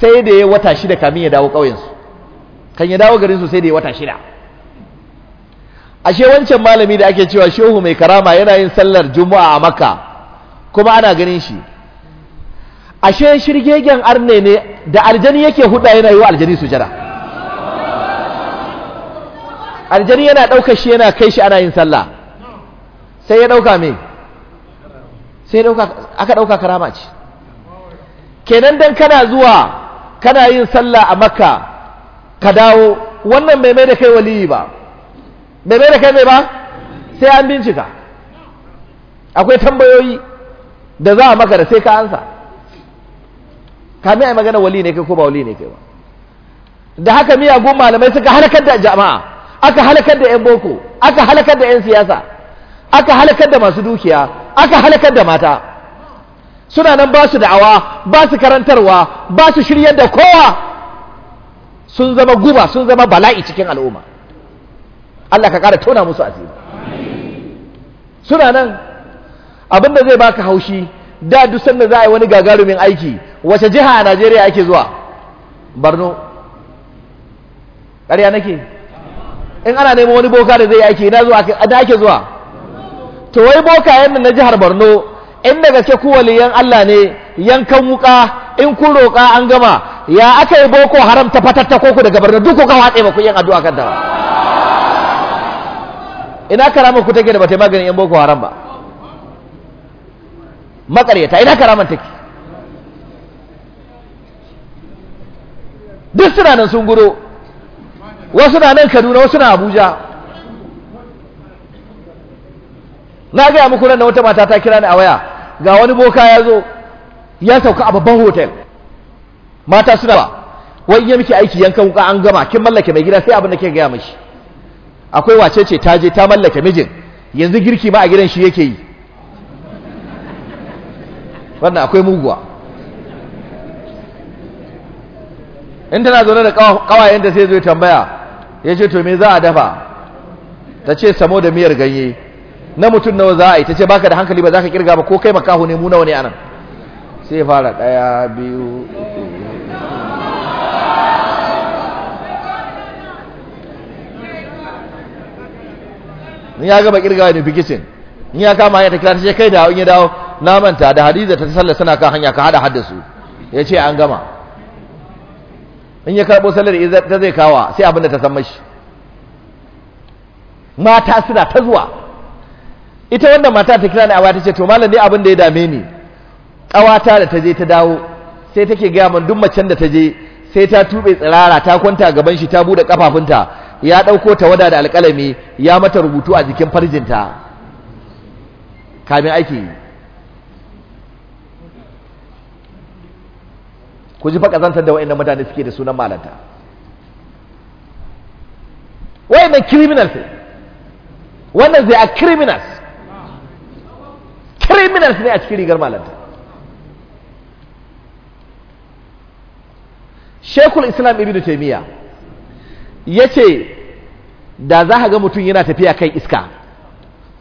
B: sai da ya wata shida kamin ya dawo ƙauyensu kan ya dawo garinsu sai da ya wata shida ashe wancan malami da ake cewa shehu mai karama yana yin sallar juma'a a makka kuma ana ganin shi ashe shirgegen arne ne da aljani yake huda yana yi wa aljani sujada aljani yana ɗaukar shi yana kai shi ana yin sallah sai ya ɗauka mai sai aka ɗauka karama ce kenan dan kana zuwa kana yin sallah a makka ka dawo wannan bai mai da kai waliyi ba bai mai da kai mai ba sai an bincika akwai tambayoyi da za a maka da sai ka ansa kami a magana wali ne kai ko ba wali ne kai ba da haka miyagun malamai suka halakar da jama'a aka halakar da 'yan boko aka halakar da 'yan siyasa aka halakar da masu dukiya aka halakar da mata suna nan ba su da'awa ba su karantarwa ba su shiryar da kowa sun zama guba sun zama bala'i cikin al'umma Allah ka kara tona musu asiri suna nan abinda zai baka haushi da duk da za a yi wani gagarumin aiki wace jiha a Najeriya ake zuwa Borno ƙarya nake in ana neman wani boka da zai yi aiki ina zuwa ake zuwa to wai bokayen nan na jihar Borno in daga ce ku waliyan Allah ne yankan wuka in kun roƙa an gama ya aka yi boko haram ta ta koko daga Borno duk kuka watse ba ku yin addu'a kan ta ba ina karamar ku take da bata maganin yan boko haram ba makaryata ina karamar take duk suna nan sun guro wasu na nan Kaduna wasu na Abuja na gaya muku nan da wata mata ta kira ni a waya ga wani boka ya zo ya sauka a babban hotel mata suna ba wai ya miki aiki yanka wuka an gama kin mallake mai gida sai abin da ke gaya mishi akwai wace ce ta je ta mallake mijin yanzu girki ma a gidan shi yake yi wannan akwai muguwa in tana zaune da da sai zai tambaya ya ce to me za a dafa ta ce samo da miyar ganye na mutum nawa za a yi ta ce baka da hankali ba za ka kirga ba ko kai makahu ne mu nawa ne anan sai fara ɗaya biyu uku in ya gaba kirga ne fikicin in ya kama hanyar ta kira ta ce kai da in ya dawo na manta da hadiza ta sallar suna kan hanya ka hada haddasu ya ce an gama in ya karɓo sallar ta zai kawa sai abin da ta san mashi mata suna ta zuwa ita wanda mata ta kira ni a wata tace to malam dai abin da ya dame ni ƙawata da ta je ta dawo sai take gaya min duk macen da ta je sai ta tube tsirara ta kwanta gaban shi ta bude kafafunta ya dauko ta wada da alƙalami ya mata rubutu a jikin farjinta kamin aiki ku ji fa kazantar da wayannan mutane suke da sunan malanta wayannan criminals wannan zai a criminals criminals ne a cikin rigar malanta shekul islam ibn taimiyya ya ce da za ka ga mutum yana tafiya kan iska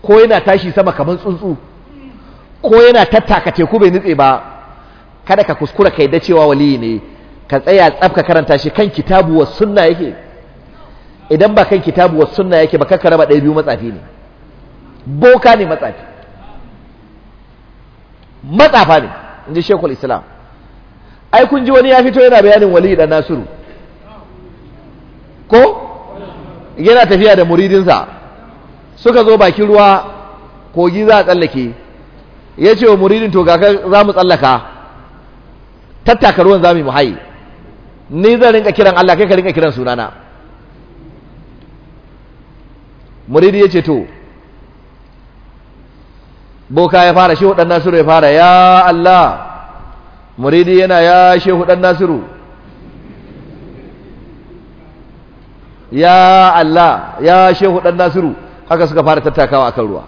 B: ko yana tashi sama kamar tsuntsu ko yana tattaka teku bai nutse ba kada ka kuskura ka yadda cewa waliyi ne ka tsaya tsafka karanta shi kan kitabu wa sunna yake idan ba kan kitabu wa sunna yake ba kakka ba ɗaya biyu matsafi ne boka ne matsafi matsafa ne in ji shekul islam ai kun ji wani ya fito yana bayanin wali da nasiru ko yana tafiya da muridinsa suka zo bakin ruwa kogi za a tsallake ya ce wa muridin to gaka za mu tsallaka tattaka ruwan za mu yi muhayi ni zan rinka kiran Allah kai ka rinka kiran sunana muridi ya ce to boka ya fara shehu dan nasiru ya fara ya Allah muridi yana ya shehu dan nasiru ya Allah ya shehu dan nasiru haka suka fara tattakawa akan ruwa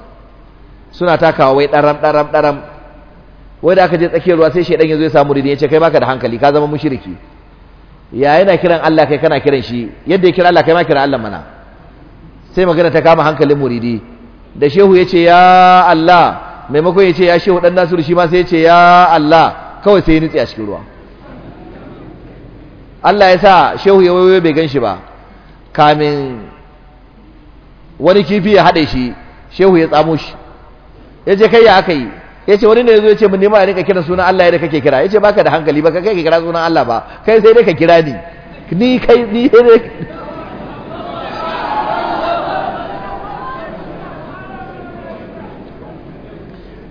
B: suna takawa wai daram daram daram wai da aka je tsakiyar ruwa sai shedan yazo ya samu muridi ya ce kai baka da hankali ka zama mushriki ya yana kiran Allah kai kana kiran shi yadda ya kira Allah kai ma kira Allah mana sai magana ta kama hankalin muridi da shehu ya ce ya Allah maimakon ya ce ya shi dan nasiru shi ma sai ya ce ya Allah kawai sai ya nutse a cikin ruwa Allah ya sa shehu ya wayo bai gan shi ba kamin wani kifi ya haɗe shi shehu ya tsamo shi ya ce kai ya aka yi ya ce wani ne ya zo ya ce mun nema a rika kira sunan Allah ya da kake kira ya ce baka da hankali ba ka kai ka kira sunan Allah ba kai sai dai ka kira ni ni kai ni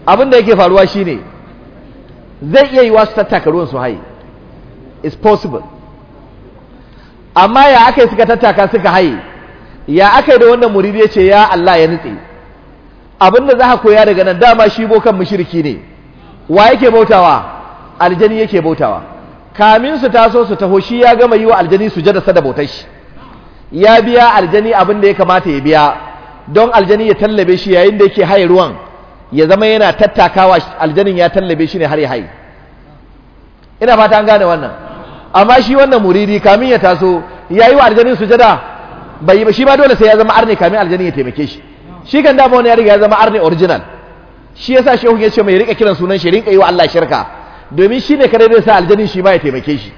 B: abin da yake faruwa shi ne zai iya yi wasu tattaka ruwan su haye is possible amma ya aka yi suka tattaka suka haye ya aka yi da wannan muridi ya ce ya Allah ya nutse abin da za a koya daga nan dama shi bokan mushriki ne wa yake bautawa aljani yake bautawa kamin su taso su taho shi ya gama yi wa aljani su jada sada bautar shi ya biya aljani abin da ya kamata ya biya don aljani ya tallabe shi yayin da yake haye ruwan ya zama yana tattakawa aljanin ya tallabe shi ne har ya haye ina fata an gane wannan amma shi wannan muridi kamin ya taso ya yi wa aljanin sujada bai ba shi ma dole sai ya zama arne kamin aljanin ya taimake shi shi kan dama wani ya riga ya zama arne original shi yasa shehu ya ce mai rika kiran sunan shi rinka yi wa Allah shirka domin shi ne kare da sa aljanin shi ma ya taimake shi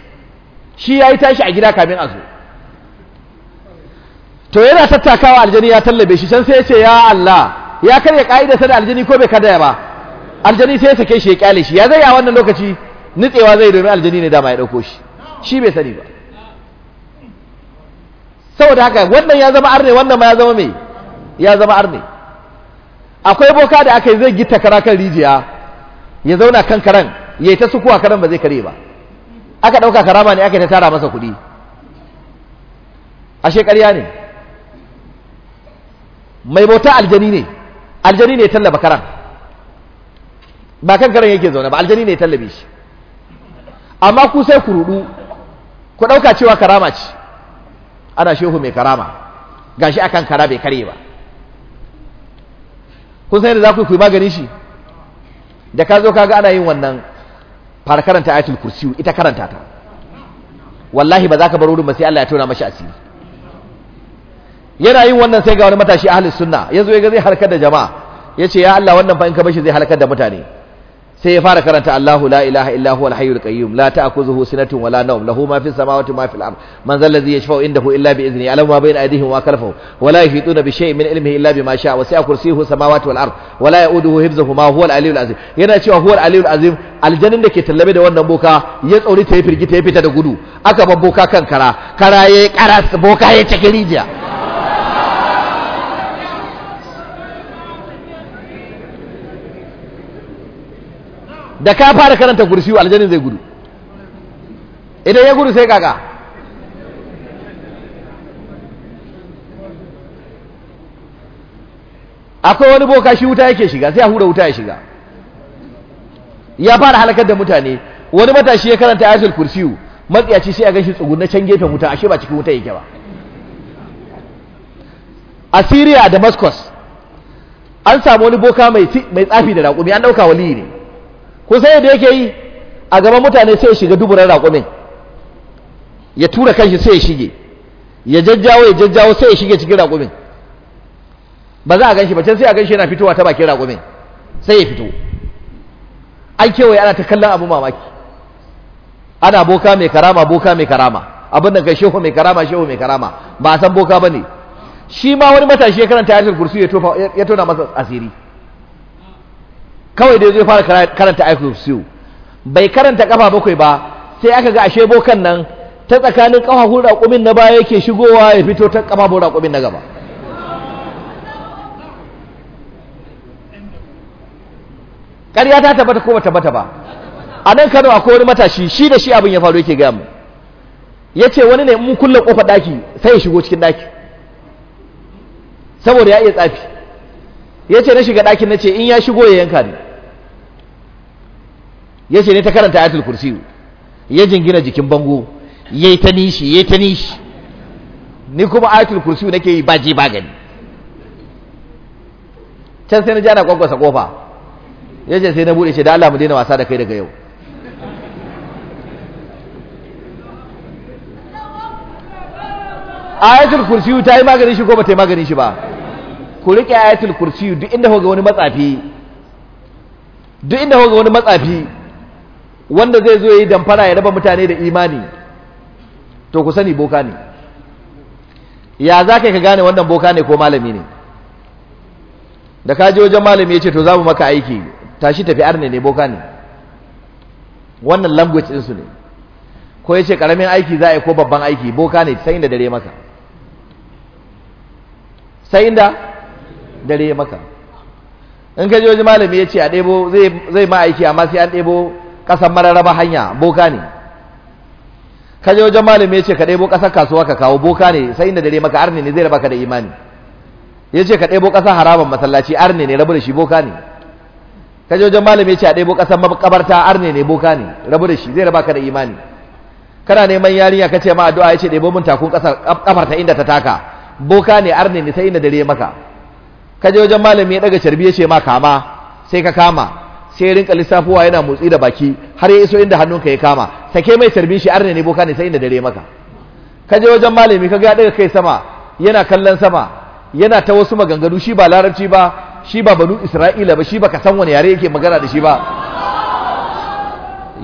B: shi ya yi tashi a gida kamin a zo to yana tattakawa aljani ya tallabe shi can sai ya ce ya Allah ya karya ka'ida da aljani ko bai kada ba aljani sai ya sake shi ya kyale shi ya zai a wannan lokaci nutsewa zai domin aljani ne dama ya dauko shi shi bai sani ba saboda haka wannan ya zama arne wannan ma ya zama mai ya zama arne akwai boka da aka yi zai gita kara kan rijiya ya zauna kan karan ya yi ta sukuwa karan ba zai kare ba aka ɗauka karama ne aka yi ta tara masa kuɗi ashe ƙarya ne mai bauta aljani ne aljani ne tallaba karan ba kan karan yake zaune ba aljani ne tallabe shi amma ku sai ku rudu ku dauka cewa karama ce ana shehu mai karama gashi akan kara bai kare ba kun san yadda zaku ku yi magani shi da ka zo kaga ana yin wannan fara karanta ayatul kursi ita karanta ta wallahi ba za ka bar wurin ba sai Allah ya tona mashi asiri yana yin wannan sai ga wani matashi ahlus sunna yazo ya ga zai harkar da jama'a ya ce ya Allah wannan fa in ka bashi zai halakar da mutane sai ya fara karanta Allahu la ilaha illa huwal hayyul qayyum la ta'khudhuhu sinatun wala nawm lahu ma fis samawati ma fil ard man zal ladhi yashfa'u indahu illa bi idhnihi alamu ma bayna aydihim wa khalfahum wa la yuhituna bi shay'in min ilmihi illa bima sha'a wa sa'a kursiyuhu samawati wal ard wa la ya'uduhu ma huwal aliyyul azim yana cewa huwal aliyul azim aljannin da ke tallabe da wannan boka ya tsauri ta yi firgita ya fita da gudu aka bar boka kan kara kara yayi karas boka ya cikin rijiya da ka fara karanta kursi aljanin zai gudu idan ya gudu sai kaka akwai wani boka shi wuta yake shiga sai ya hura wuta ya shiga ya fara halakar da mutane wani matashi ya karanta ayatul kursiyu matsiyaci sai a ganshi na can gefe wuta ashe ba cikin wuta yake ba Assyria da Damascus an samu wani boka mai tsafi da raƙumi an ɗauka waliyi ne Ku sai da yake yi a gaban mutane sai ya shiga duburan raƙumin ya tura kanshi sai ya shige ya jajjawo ya jajjawo sai ya shige cikin raƙumin ba za a ganshi ba can sai a ganshi yana fitowa ta bakin raƙumin sai ya fito an kewaye ana ta kallon abu mamaki ana boka mai karama boka mai karama abin da kai shehu mai karama shehu mai karama ba a san boka ba ne shi ma wani matashi ya karanta ayatul kursi ya tona masa asiri kawai da zai fara karanta ayatul kursiyu bai karanta kafa bakwai ba sai aka ga ashe bokan nan ta tsakanin da kumin na baya yake shigowa ya fito ta da kumin na gaba ƙarya ta tabbata ko ba tabbata ba a nan Kano akwai wani matashi shi da shi abin ya faru yake gaya mu yace wani ne mun kulle kofar daki sai ya shigo cikin daki saboda ya iya tsafi yace na shiga dakin nace in ya shigo ya yanka ni ya ce ne ta karanta ayatul kursi ya jingina jikin bango yayi ta nishi yayi ta nishi ni kuma ayatul kursi nake yi baji bagani can sai na jana kwakwasa kofa ya ce sai na bude shi da Allah mu daina wasa da kai daga yau ayatul kursi ta yi maganin shi ko ba ta yi maganin shi ba ku rike ayatul kursi duk inda hoga wani matsafi duk inda hoga wani matsafi wanda zai zo ya yi damfara ya raba mutane da imani to ku sani boka ne ya za ka ka gane wannan boka ne ko malami ne da ka je wajen malami ya ce to za mu maka aiki tashi tafi arne ne boka ne wannan language ɗinsu ne ko ya ce ƙaramin aiki za a yi ko babban aiki boka ne sai inda dare maka sai inda dare maka in ka je wajen malami ya ce a ɗebo zai ma aiki amma sai an ɗebo kasan mararaba hanya boka ne ka je wajen malami ya ce ka ɗebo ƙasar kasuwa ka kawo boka ne sai inda dare maka arne ne zai raba ka da imani ya ce ka ɗebo ƙasar haraban masallaci arne ne rabu da shi boka ne ka je wajen malami ya ce a ɗebo ƙasar makabarta arne ne boka ne rabu da shi zai raba ka da imani kana neman yarinya ka ce ma addu'a ya ce ɗebo mun takun ƙasar ƙafar ta inda ta taka boka ne arne ne sai inda dare maka ka je wajen malami ya ɗaga carbi ya ce ma kama sai ka kama sai rinka lissafowa yana motsi da baki har ya iso inda hannunka ya kama sake mai tarbi shi arne ne boka ne sai inda dare maka ka je wajen malami ka ga daga kai sama yana kallon sama yana ta wasu maganganu shi ba larabci ba shi ba banu isra'ila ba shi ba ka san wani yare yake magana da shi ba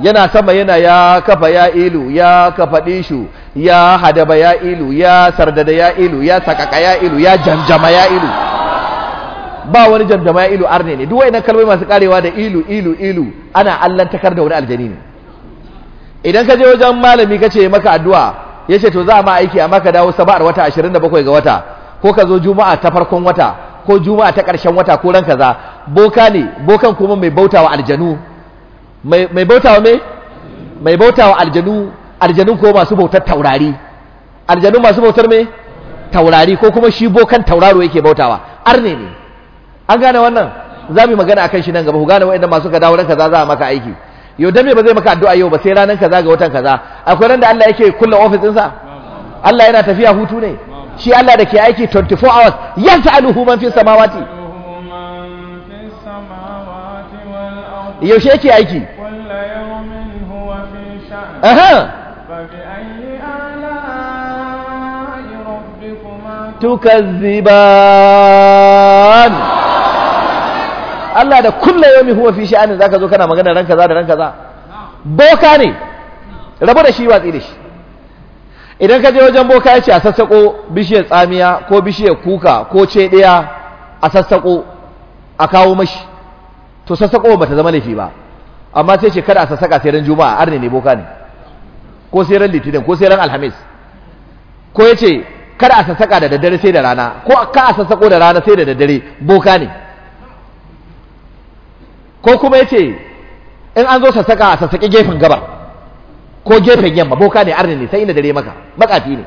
B: yana sama yana ya kafa ya ilu ya kafa dishu ya hadaba ya ilu ya sardada ya ilu ya sakaka ya ilu ya jamjama ya ilu ba wani jamjama ilu arne ne duk wayannan kalmai masu karewa da ilu ilu ilu ana allantakar da wani aljani ne idan ka je wajen malami ka ce maka addu'a ya ce to za ma aiki a maka dawo sabar wata 27 ga wata ko ka zo juma'a ta farkon wata ko juma'a ta ƙarshen wata ko ran kaza boka ne bokan kuma mai bautawa aljanu mai bautawa me mai wa aljanu aljanu ko masu bautar taurari aljanu masu bautar me taurari ko kuma shi bokan tauraro yake bautawa arne ne an gane wannan za mu yi magana akan shi nan gaba ku gane waɗanda masu ka dawo kaza za a maka aiki yau dan me ba zai maka addu'a yau ba sai ranar kaza ga watan kaza akwai ran da Allah yake kulla din sa? Allah yana tafiya hutu ne shi Allah da ke aiki 24 hours yas'aluhu man fi samawati yaushe yake aiki aha tukazziban Allah da kulle yomi huwa fi sha'anin zaka zo kana magana ran kaza da ran kaza boka ne rabu da shi watsi tsire shi idan ka je wajen boka ya ce a sassako bishiyar tsamiya ko bishiyar kuka ko ce daya a sassako a kawo mashi to sassako ba ta zama laifi ba amma sai ce kada a sassaka sai ran juma'a arne ne boka ne ko sai ran litinin ko sai ran alhamis ko ya ce kada a sassaka da daddare sai da rana ko ka a sassako da rana sai da daddare boka ne ko kuma yace in an zo sassaka a sassaki gefen gaba ko gefen yamma boka ne arni ne sai inda dare maka makafi ne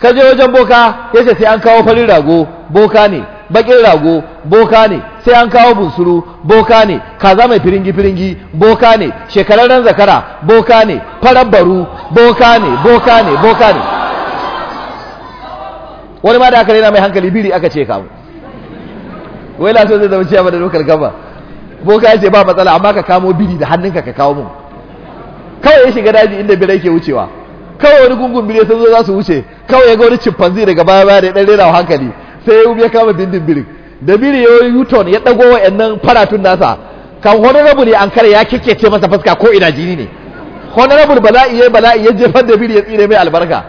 B: ka je wajen boka yace sai an kawo farin rago boka ne bakin rago boka ne sai an kawo busuru boka ne kaza mai firingi firingi boka ne shekararren zakara boka ne farar baru boka ne boka ne boka ne wani ma da aka rena mai hankali biri aka ce kamu wai laso zai zama ciyawa da dokar gaba boka ya ce ba matsala amma ka kamo biri da hannunka ka kawo mun kawai ya shiga daji inda birai ke wucewa kawai wani gungun biri sun zo za su wuce kawai ya ga wani chimpanzee daga baya baya da dan rera hankali sai ya kama bindin birin da biri ya yi yuton ya dago wa'annan faratun nasa kan honorable an kare ya kikkece masa fuska ko ina jini ne honorable bala'i ya bala'i ya jefar da biri ya tsire mai albarka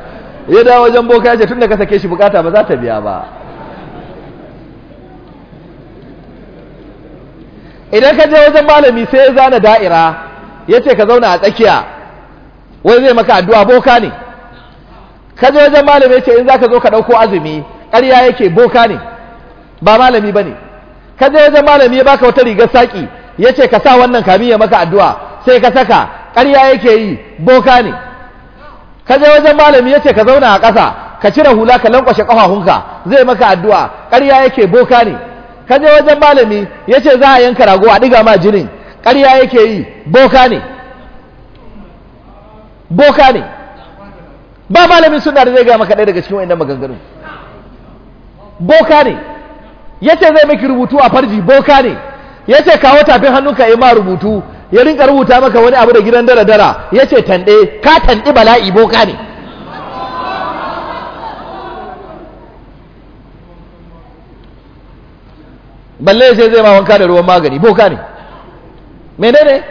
B: ya dawo wajen boka ya ce tun da ka sake shi bukata ba za ta biya ba idan ka je wajen malami sai ya zana da'ira ya ce ka zauna a tsakiya wai zai maka addu'a boka ne ka je wajen malami ya ce in za ka zo ka ɗauko azumi ƙarya yake boka ne ba malami ba ne ka je wajen malami ya baka wata rigar saƙi ya ce ka sa wannan kami ya maka addu'a sai ka saka ƙarya yake yi boka ne ka je wajen malami ya ce ka zauna a ƙasa ka cire hula ka lankwashe ƙafafunka zai maka addu'a ƙarya yake boka ne ka je wajen malami ya ce za a yanka rago a ɗiga ma jinin ƙarya yake yi boka ne boka ne ba malamin suna da zai gama maka daga cikin wa'annan maganganu. boka ne ya ce zai maki rubutu a farji boka ne ya ce kawo tafin hannunka ya ma rubutu ya rinka rubuta maka wani abu da gidan dara dara ya ce tanɗe ka tanɗi bala'i boka ne balle sai zai ma wanka da ruwan magani boka ne menene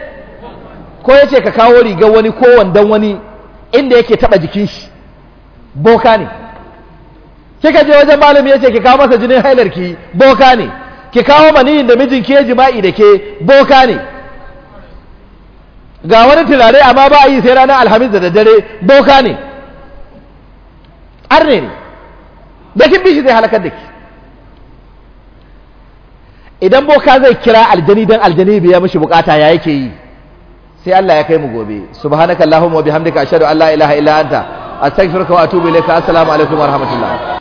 B: ko ya ce ka kawo rigar wani ko wandan wani inda yake taba jikin shi boka ne kika je wajen malami yace ki kawo masa jinin hailar ki boka ne ki kawo maniyin da mijin ke jima'i da ke boka ne ga wani turare amma ba a yi sai ranar alhamis da daddare boka ne arne ne da kin bi shi zai halakar da ki idan boka zai kira aljani don aljani biya mashi bukata ya yake yi sai Allah ya kai mu gobe subhanakallahumma wa bihamdika ashhadu an la ilaha illa anta astaghfiruka wa atubu ilayka assalamu alaikum wa rahmatullah